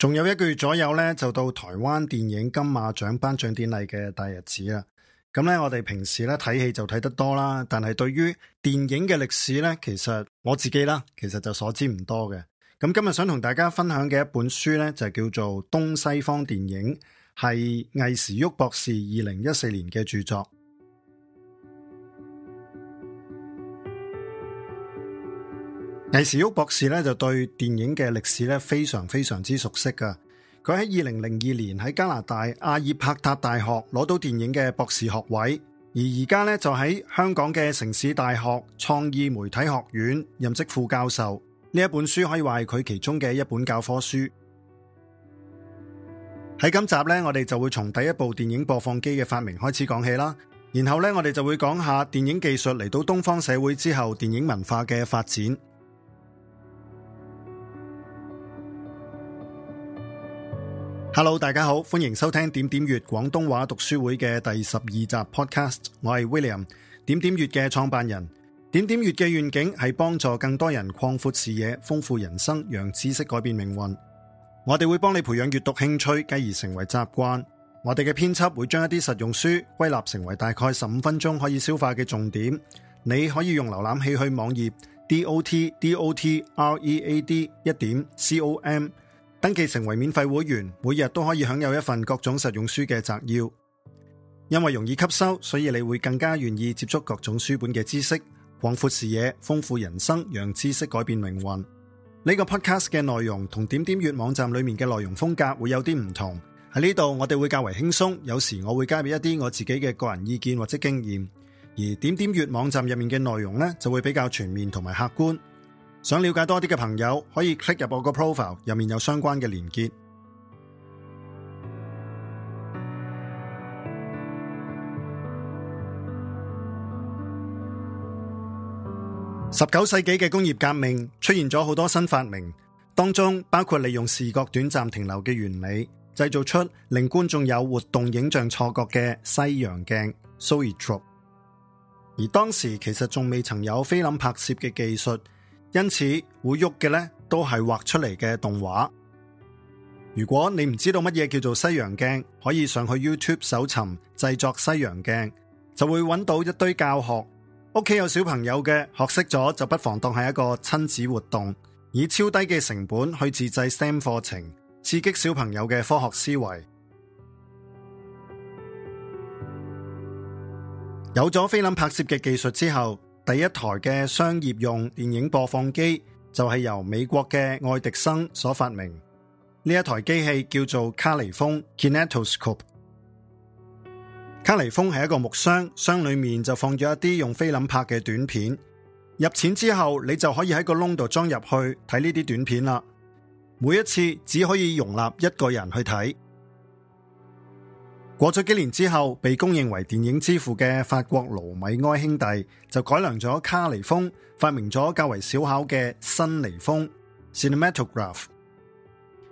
仲有一個月左右咧，就到台灣電影金馬獎頒獎典禮嘅大日子啦。咁咧，我哋平時咧睇戲就睇得多啦，但係對於電影嘅歷史咧，其實我自己啦，其實就所知唔多嘅。咁今日想同大家分享嘅一本書咧，就叫做《東西方電影》，係魏時煜博士二零一四年嘅著作。魏時煜博士咧就對電影嘅歷史咧非常非常之熟悉嘅。佢喺二零零二年喺加拿大阿爾伯塔大學攞到電影嘅博士學位，而而家咧就喺香港嘅城市大學創意媒體學院任職副教授。呢一本書可以話係佢其中嘅一本教科書。喺今集咧，我哋就會從第一部電影播放機嘅發明開始講起啦。然後咧，我哋就會講下電影技術嚟到東方社會之後，電影文化嘅發展。Hello，大家好，歡迎收聽點點粵廣東話讀書會嘅第十二集 podcast。我係 William，點點閱嘅創辦人。點點閱嘅願景係幫助更多人擴闊視野、豐富人生，讓知識改變命運。我哋會幫你培養閱讀興趣，繼而成為習慣。我哋嘅編輯會將一啲實用書歸納成為大概十五分鐘可以消化嘅重點。你可以用瀏覽器去網頁 dot dot read 一點 com。登記成為免費會員，每日都可以享有一份各種實用書嘅摘要。因為容易吸收，所以你會更加願意接觸各種書本嘅知識，廣闊視野，豐富人生，讓知識改變命運。呢個 podcast 嘅內容同點點閱網站裏面嘅內容風格會有啲唔同。喺呢度，我哋會較為輕鬆，有時我會加入一啲我自己嘅個人意見或者經驗，而點點閱網站入面嘅內容呢，就會比較全面同埋客觀。想了解多啲嘅朋友，可以 click 入我個 profile，入面有相關嘅連結。十九世紀嘅工業革命出現咗好多新發明，當中包括利用視覺短暫停留嘅原理，製造出令觀眾有活動影像錯覺嘅西洋鏡 （Zoetrope）。而當時其實仲未曾有菲林拍攝嘅技術。因此，會喐嘅呢都係畫出嚟嘅動畫。如果你唔知道乜嘢叫做西洋鏡，可以上去 YouTube 搜尋製作西洋鏡，就會揾到一堆教學。屋企有小朋友嘅，學識咗就不妨當係一個親子活動，以超低嘅成本去自製 STEM 課程，刺激小朋友嘅科學思維。有咗菲林拍攝嘅技術之後，第一台嘅商業用電影播放機就係由美國嘅愛迪生所發明，呢一台機器叫做卡尼峰 Kinetoscope。卡尼峰係一個木箱，箱裏面就放咗一啲用菲林拍嘅短片，入錢之後你就可以喺個窿度裝入去睇呢啲短片啦。每一次只可以容納一個人去睇。過咗幾年之後，被公認為電影之父嘅法國盧米埃兄弟就改良咗卡尼風，發明咗較為小巧嘅新尼風 （cinematograph），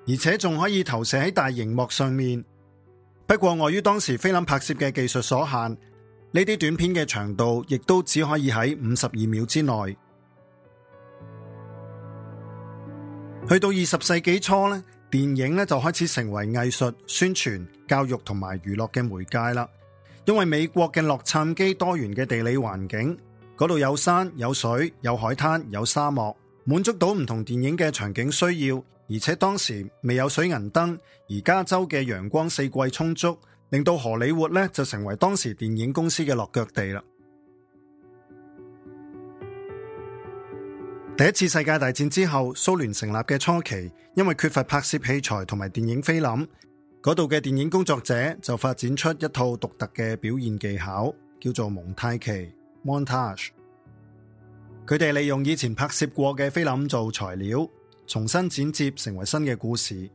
而且仲可以投射喺大熒幕上面。不過礙於當時菲林拍攝嘅技術所限，呢啲短片嘅長度亦都只可以喺五十二秒之內。去到二十世紀初咧。電影咧就開始成為藝術、宣傳、教育同埋娛樂嘅媒介啦。因為美國嘅洛杉磯多元嘅地理環境，嗰度有山有水有海灘有沙漠，滿足到唔同電影嘅場景需要。而且當時未有水銀燈，而加州嘅陽光四季充足，令到荷里活咧就成為當時電影公司嘅落腳地啦。第一次世界大戰之後，蘇聯成立嘅初期，因為缺乏拍攝器材同埋電影菲林，嗰度嘅電影工作者就發展出一套獨特嘅表現技巧，叫做蒙太奇 （montage）。佢哋利用以前拍攝過嘅菲林做材料，重新剪接成為新嘅故事。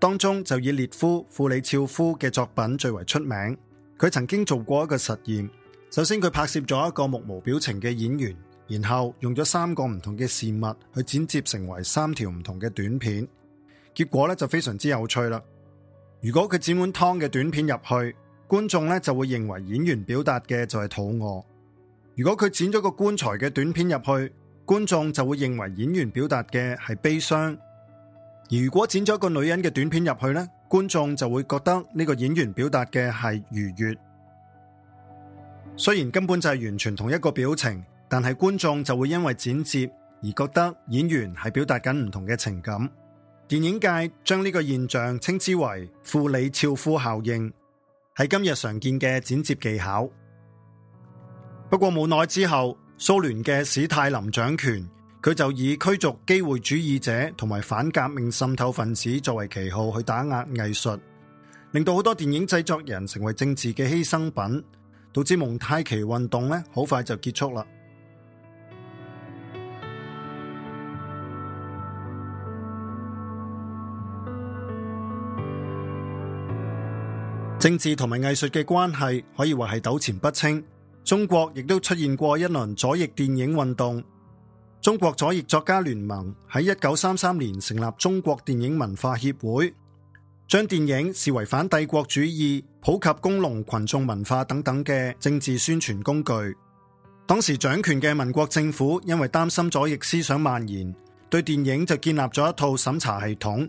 當中就以列夫·庫里肖夫嘅作品最為出名。佢曾經做過一個實驗，首先佢拍攝咗一個目無表情嘅演員。然後用咗三個唔同嘅事物去剪接成為三條唔同嘅短片，結果咧就非常之有趣啦。如果佢剪碗湯嘅短片入去，觀眾咧就會認為演員表達嘅就係肚餓；如果佢剪咗個棺材嘅短片入去，觀眾就會認為演員表達嘅係悲傷；而如果剪咗個女人嘅短片入去咧，觀眾就會覺得呢個演員表達嘅係愉悦。雖然根本就係完全同一個表情。但係觀眾就會因為剪接而覺得演員係表達緊唔同嘅情感。電影界將呢個現象稱之為庫里肖夫效應，係今日常見嘅剪接技巧。不過冇耐之後，蘇聯嘅史泰林掌權，佢就以驅逐機會主義者同埋反革命滲透分子作為旗號去打壓藝術，令到好多電影製作人成為政治嘅犧牲品，導致蒙太奇運動咧好快就結束喇。政治同埋藝術嘅關係可以話係糾纏不清。中國亦都出現過一輪左翼電影運動。中國左翼作家聯盟喺一九三三年成立中國電影文化協會，將電影視為反帝國主義、普及工農群眾文化等等嘅政治宣傳工具。當時掌權嘅民國政府因為擔心左翼思想蔓延，對電影就建立咗一套審查系統。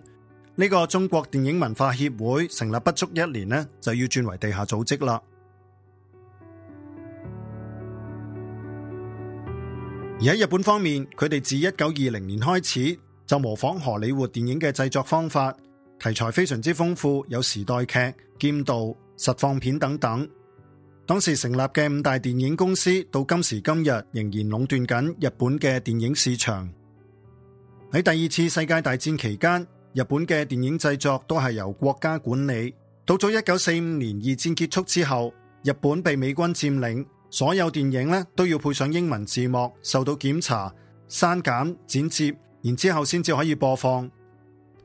呢個中國電影文化協會成立不足一年呢，就要轉為地下組織啦。而喺日本方面，佢哋自一九二零年開始就模仿荷里活電影嘅製作方法，題材非常之豐富，有時代劇、劍道、實況片等等。當時成立嘅五大電影公司，到今時今日仍然壟斷緊日本嘅電影市場。喺第二次世界大戰期間，日本嘅電影製作都係由國家管理。到咗一九四五年二戰結束之後，日本被美軍佔領，所有電影咧都要配上英文字幕，受到檢查、刪減、剪接，然之後先至可以播放。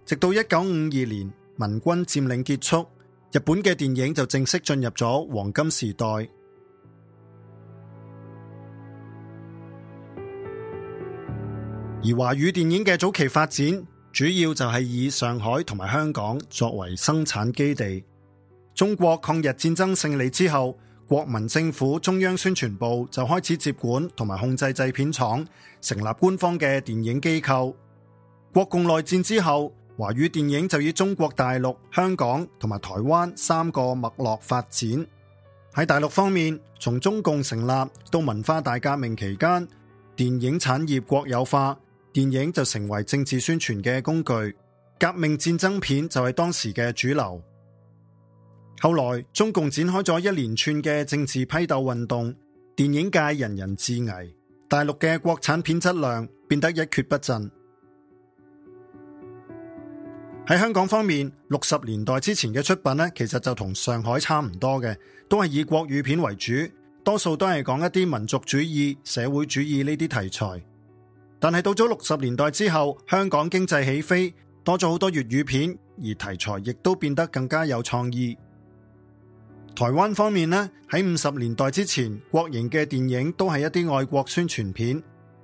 直到一九五二年美軍佔領結束，日本嘅電影就正式進入咗黃金時代。而華語電影嘅早期發展。主要就係以上海同埋香港作為生產基地。中國抗日戰爭勝利之後，國民政府中央宣傳部就開始接管同埋控制製片廠，成立官方嘅電影機構。國共內戰之後，華語電影就以中國大陸、香港同埋台灣三個脈絡發展。喺大陸方面，從中共成立到文化大革命期間，電影產業國有化。電影就成為政治宣傳嘅工具，革命戰爭片就係當時嘅主流。後來中共展開咗一連串嘅政治批鬥運動，電影界人人自危，大陸嘅國產片質量變得一蹶不振。喺香港方面，六十年代之前嘅出品呢，其實就同上海差唔多嘅，都係以國語片為主，多數都係講一啲民族主義、社會主義呢啲題材。但係到咗六十年代之後，香港經濟起飛，多咗好多粵語片，而題材亦都變得更加有創意。台灣方面呢，喺五十年代之前，國營嘅電影都係一啲愛國宣傳片。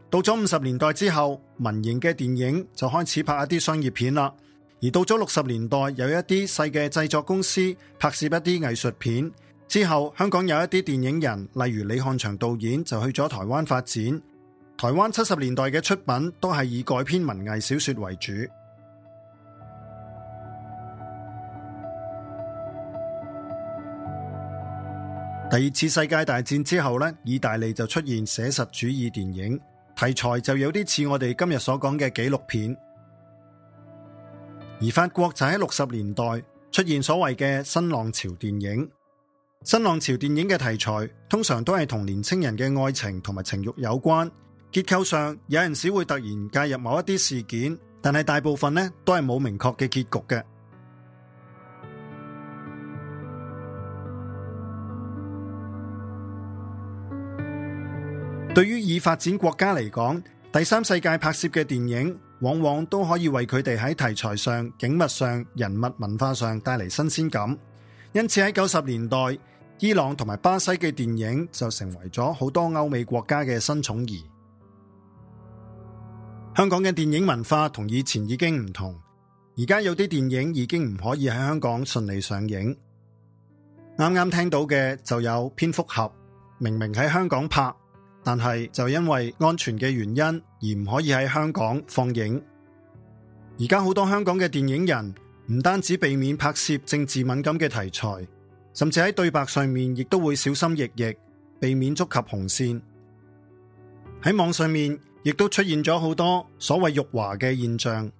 到咗五十年代之後，民營嘅電影就開始拍一啲商業片啦。而到咗六十年代，有一啲細嘅製作公司拍攝一啲藝術片。之後，香港有一啲電影人，例如李漢祥導演，就去咗台灣發展。台灣七十年代嘅出品都係以改編文藝小說為主。第二次世界大戰之後呢，意大利就出現寫實主義電影題材，就有啲似我哋今日所講嘅紀錄片。而法國就喺六十年代出現所謂嘅新浪潮電影。新浪潮電影嘅題材通常都係同年青人嘅愛情同埋情慾有關。結構上，有陣時會突然介入某一啲事件，但係大部分呢都係冇明確嘅結局嘅。對於已發展國家嚟講，第三世界拍攝嘅電影，往往都可以為佢哋喺題材上、景物上、人物文化上帶嚟新鮮感。因此喺九十年代，伊朗同埋巴西嘅電影就成為咗好多歐美國家嘅新寵兒。香港嘅電影文化同以前已經唔同，而家有啲電影已經唔可以喺香港順利上映。啱啱聽到嘅就有《蝙蝠俠》，明明喺香港拍，但係就因為安全嘅原因而唔可以喺香港放映。而家好多香港嘅電影人唔單止避免拍攝政治敏感嘅題材，甚至喺對白上面亦都會小心翼翼，避免觸及紅線。喺網上面，亦都出現咗好多所謂辱華嘅現象，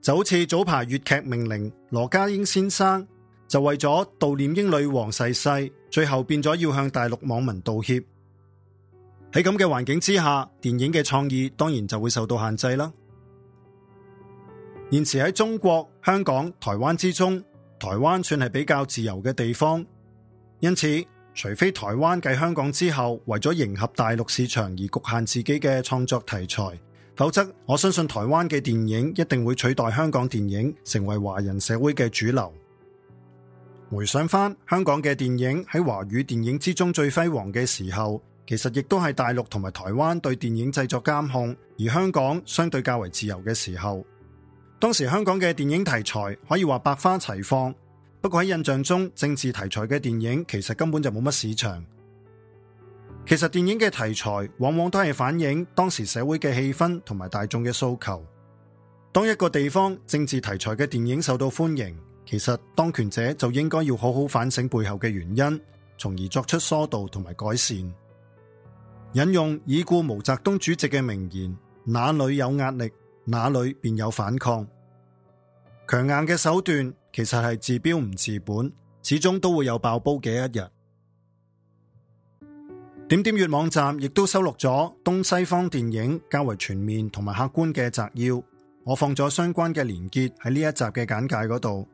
就好似早排粵劇名伶，羅家英先生就為咗悼念英女王逝世，世，最後變咗要向大陸網民道歉。喺咁嘅環境之下，電影嘅創意當然就會受到限制啦。現時喺中國、香港、台灣之中，台灣算係比較自由嘅地方，因此，除非台灣繼香港之後，為咗迎合大陸市場而局限自己嘅創作題材，否則我相信台灣嘅電影一定會取代香港電影成為華人社會嘅主流。回想翻香港嘅電影喺華語電影之中最輝煌嘅時候，其實亦都係大陸同埋台灣對電影製作監控，而香港相對較為自由嘅時候。當時香港嘅電影題材可以話百花齊放。不過喺印象中，政治題材嘅電影其實根本就冇乜市場。其實電影嘅題材往往都係反映當時社會嘅氣氛同埋大眾嘅訴求。當一個地方政治題材嘅電影受到歡迎，其實當權者就應該要好好反省背後嘅原因，從而作出疏導同埋改善。引用已故毛澤東主席嘅名言：「哪裏有壓力，哪裏便有反抗。」強硬嘅手段其實係治標唔治本，始終都會有爆煲嘅一日。點點閱網站亦都收錄咗東西方電影較為全面同埋客觀嘅摘要，我放咗相關嘅連結喺呢一集嘅簡介嗰度。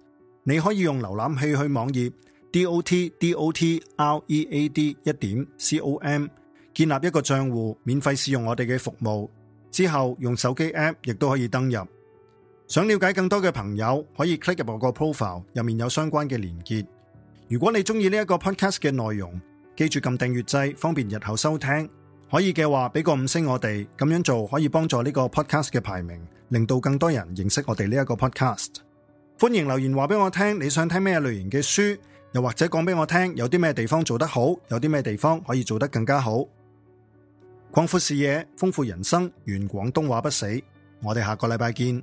你可以用瀏覽器去網頁 dotdotread 一點 com 建立一個賬戶，免費試用我哋嘅服務，之後用手機 app 亦都可以登入。想了解更多嘅朋友，可以 click 入我個 profile，入面有相關嘅連結。如果你中意呢一個 podcast 嘅內容，記住撳訂閱掣，方便日後收聽。可以嘅話，俾個五星我哋，咁樣做可以幫助呢個 podcast 嘅排名，令到更多人認識我哋呢一個 podcast。歡迎留言話俾我聽，你想聽咩類型嘅書，又或者講俾我聽，有啲咩地方做得好，有啲咩地方可以做得更加好。擴闊視野，豐富人生，願廣東話不死。我哋下個禮拜見。